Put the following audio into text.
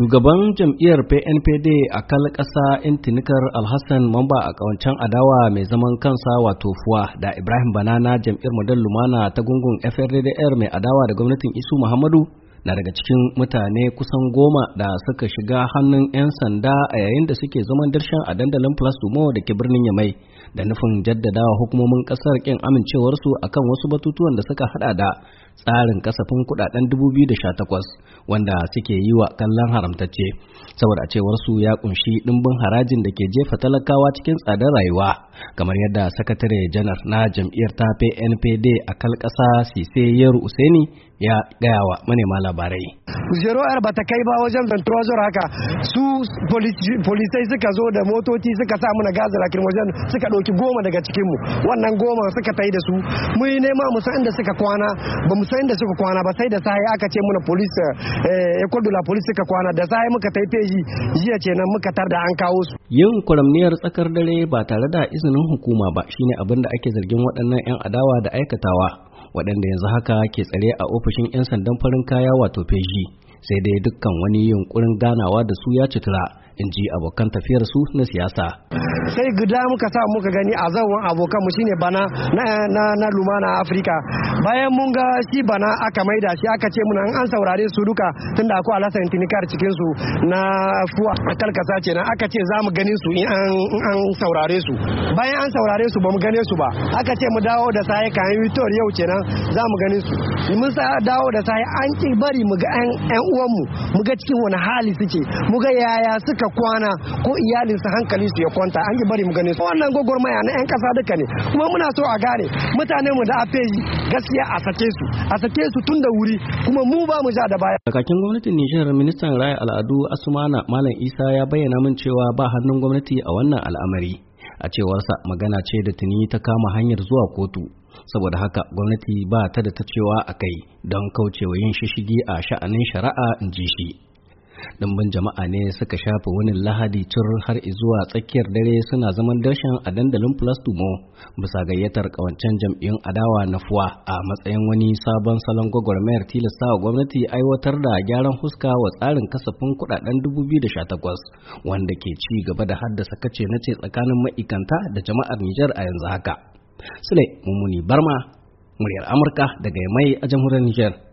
Shugaban jam'iyyar PNPD a kal ƙasa intinikar Alhassan mamba a ƙawancen adawa mai zaman kansa wato fuwa da Ibrahim Banana jam'iyyar Model Lumana ta gungun FRDDR mai adawa da gwamnatin Isu Muhammadu na daga cikin mutane kusan goma da suka shiga hannun 'yan sanda a yayin da suke zaman darshan a dandalin Place Dumo da ke birnin Yamai da nufin jaddadawa hukumomin kasar kin amincewarsu a kan wasu batutuwan da suka hada da tsarin kasafin kudaden 2018 wanda suke yi wa kallon haramtacce. saboda cewar su ya kunshi dimbin harajin da ke jefa talakawa cikin tsadar rayuwa kamar yadda sakatare janar na jam'iyyar ta PNPD a kal Sise Yeru Useni ya gaya wa manema labarai. Zero'ar ba ta kai ba wajen zantuwazor haka su polisai suka zo da motoci suka sa mana gazi lakin wajen suka ɗauki goma daga cikinmu wannan goma suka tai da su mu yi nema mu san inda suka kwana ba mu san inda suka kwana ba sai da sahi aka ce mana polis eh, ecuador la polis suka kwana da sahi muka tai sojoji jiya kenan muka tarda an kawo su yin kuramniyar tsakar dare ba tare da izinin hukuma ba shine abin da ake zargin waɗannan 'yan adawa da aikatawa waɗanda yanzu haka ke tsare a ofishin 'yan sandan farin kaya wato feshi sai dai dukkan wani yunkurin ganawa da su ya citira in ji abokan tafiyar su na siyasa sai guda muka sa muka gani a zauwan abokan shine bana na, lumana afirka bayan mun ga shi bana aka maida shi aka ce muna an saurare su duka da akwai alasan tinikar cikin su na fuwa kalkasa ce na aka ce za mu gani su in an saurare su bayan an saurare su ba mu gane su ba aka ce mu dawo da saye kayan yau kenan za mu gani su mun sa dawo da sai an ki bari mu ga yan uwan mu mu ga cikin wani hali suke mu ga yaya suka kwana ko iyalinsu hankali su ya kwanta an ki bari mu gane su wannan gwagwarmaya na yan kasa duka ne kuma muna so a gane mutanen mu da afeji gaskiya a sake su a sake su tun da wuri kuma mu ba mu ja da baya kakakin gwamnatin Nijar ministan raya al'adu Asmana Malam Isa ya bayyana min cewa ba hannun gwamnati a wannan al'amari a cewarsa magana ce da tuni ta kama hanyar zuwa kotu saboda haka gwamnati ba ta da ta cewa a kai don kaucewa yin shishigi a sha'anin shari'a in ji shi Ɗimbin jama'a ne suka shafa wani lahadi cur har zuwa tsakiyar dare suna zaman dashen a dandalin tumo bisa gayyatar kawancen jam'iyyun adawa na fuwa a matsayin wani sabon salon gwagwarmayar tilasta wa gwamnati aiwatar da gyaran huska wa tsarin kasafin kuɗaɗen 2018 wanda ke ci gaba da haddasa kace na ce tsakanin ma'ikanta da jama'ar Nijar a yanzu haka. Sule Mummuni Barma, muryar Amurka daga mai a jamhuriyar Nijar.